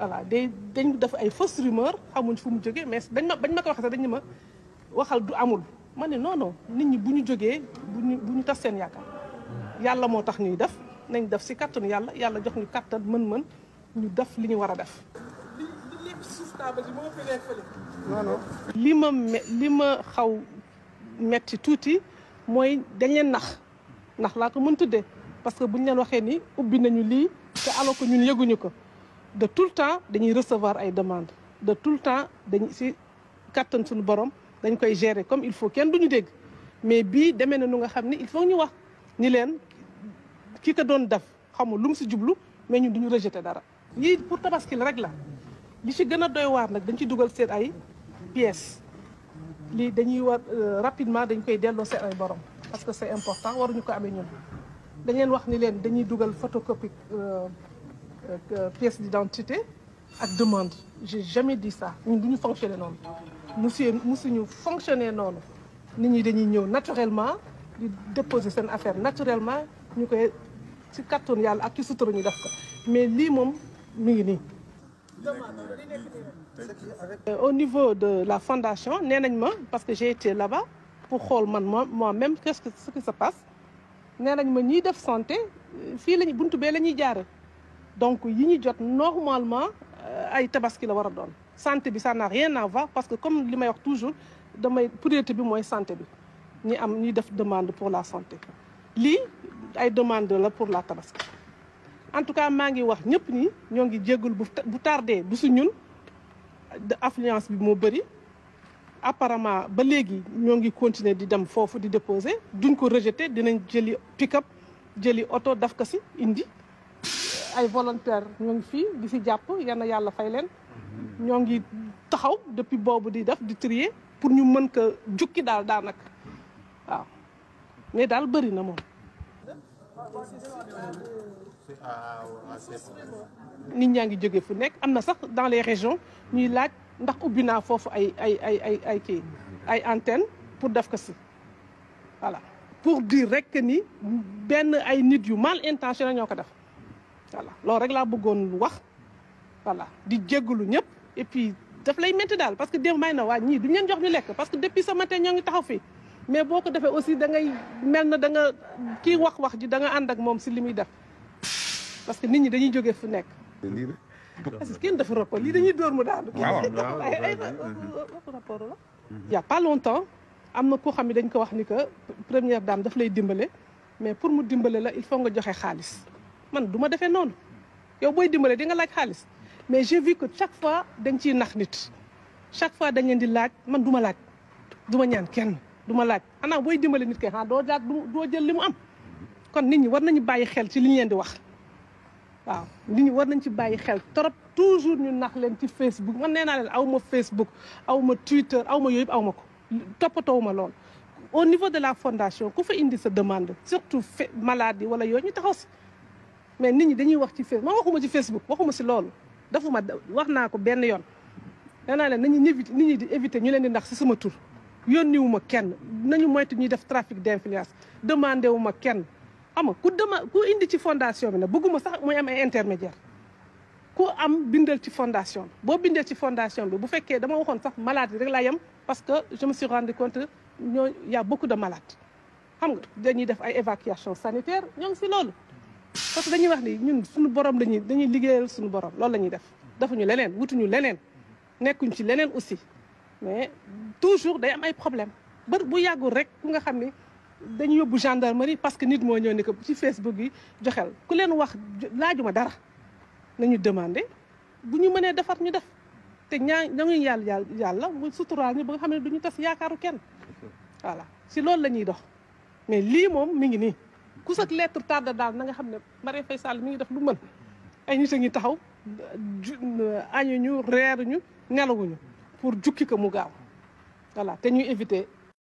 voilà day dañ def ay fausse rumeur xamuñ fu mu jógee mais dañ ma bañ ma ko waxee sax dañ ma waxal du amul ma ne non nit ñi bu ñu jógee bu ñu tas seen yaakaar yàlla moo tax ñuy def nañ def si kàttanu yàlla yàlla jox ñu kàttan mën-mën ñu def li ñu war a def. li li lépp suuf ma xaw metti tuuti mooy dañ leen nax nax laa ko mën tuddee parce que buñ leen waxee nii ubbi nañu lii te alors ko ñun yëguñu ko. de tout le temps dañuy recevoir ay demandes de tout le temps dañ si kattan suñu borom dañ koy gérer comme il faut kenn duñu dégg mais bi demee na nu nga xam il faut ñu wax ni leen ki ko doon def xamul lu mu si jublu mais ñun duñu rejeter dara yii pour tabaski la rek la li ci gën a doy waar nag dañ ci dugal seen ay pièces lii dañuy war euh, rapidement dañ koy delloo seen ay borom parce que c'est important waruñu ko amee ñun dañ leen wax ni len dañuy duggal photocopie euh, Euh, euh, pièce d'identité à demande j'ai jamais dit ça Nous du ñu fonctionner non. monsieur musuñu fonctionner non. Nous ñi dañuy ñëw naturellement déposer cette affaire naturellement nous koy ci carton yalla ak ci sutura ñu def ko mais li mom mi ngi ni euh, au niveau de la fondation nenañ ma parce que j'ai été là-bas pour xol man moi-même qu'est-ce que ce qui se passe nenañ ma ñi def santé fi lañ buntu bee la jaar donc yi jot normalement euh, ay tabaski la war a santé bi ça n'a rien à voir parce que comme li may wax toujours damay priorité bi mooy santé bi ñi am ñi def demande pour la santé lii ay demande la pour la tabaski en tout cas maa ngi wax ñëpp ni ñoo ngi jéggul bu bu tardé du su ñun affluence bi moo bëri apparemment ba léegi ñoo continuer di dem foofu di déposer duñ ko rejeter dinañ jëli pick-up jëli daf ko indi ay volontaire ñu ngi fii di si jàpp depuis pour ñu mën jukki mais na nit fu dans les régions ñuy ndax pour def ko pour dire que ni benn ay nit yu mal voilà lo rek la bëggoon wax voilà di jégalu ñëpp et puis daf lay metti dal parce que dem may na waa ñii duñ leen jox ñu lekk parce que depuis ce matin ñi ngi taxaw fi mais boko défé aussi da ngay melna da nga ki wax wax ji da nga and ak mom ci li def parce que nit ñi dañuy joggé fu nekk. parce que kenn dafa rapport li dañuy dor mu dal waaw pas longtemps amna ko xamni dañ ko wax ni que première dame daf lay dimbalé mais pour mu dimbalé la il faut nga joxé xaliss man duma defé non yow boy dimbalé di nga laaj xaalis mais j'ai vu que chaque fois dañ ci nax nit chaque fois dañ len di laaj man duma ma laaj du ñaan kenn duma ma laaj ana boy dimbalé nit kay xanaa doo daat doo jël limu am kon nit ñi war nañu bayyi xel ci li ñu len di wax waaw nit ñi war nañ ci bayyi xel trop toujours ñu nax len ci Facebook man nee naa leen Facebook aw Twitter aw ma yooyu yëpp ko toppatoo lool au niveau de la fondation ku fa indi sa demande surtout fe maladie wala yooyu ñu taxaw si mais nit ñi dañuy wax ci Facebook waxuma ci Facebook waxuma si loolu facebook wax benn yoon nee naa leen nañu nit ñi di éviter ñu leen di trafic d'influence demandé kenn xam fondation bi bëgguma sax intermédiaire ku am bindal ci fondation fondation bu dama malade rek parce que je me suis rendu compte ñoo y a beaucoup de malades xam nga dañuy def ay évacuation sanitaire parce que dañuy wax ni ñun suñu borom lañuy dañuy liggéeyal suñu borom loolu la ñuy def defuñu leneen wutuñu leneen nekkuñ ci leneen aussi mais toujours day am ay problème ba bu yàggul rek ku nga xam ne dañu yóbbu gendarmerie parce que nit moo ñëw ni ko ci Facebook yi joxel ku leen wax laajuma dara nañu demandé bu ñu mënee defar ñu def te ñaa ñamuñu yàlla yàlla mu suturaal ñu bu nga xam ne duñu tas yaakaaru kenn voilà si loolu la ñuy dox mais lii moom mi ngi nii ku sa lettre tardé daal na nga xam ne Marème Faye Sall mi ngi def lu mën ay nit a ngi ñu añuñu ñu nelawuñu pour jukki ko mu gaaw voilà te ñuy éviter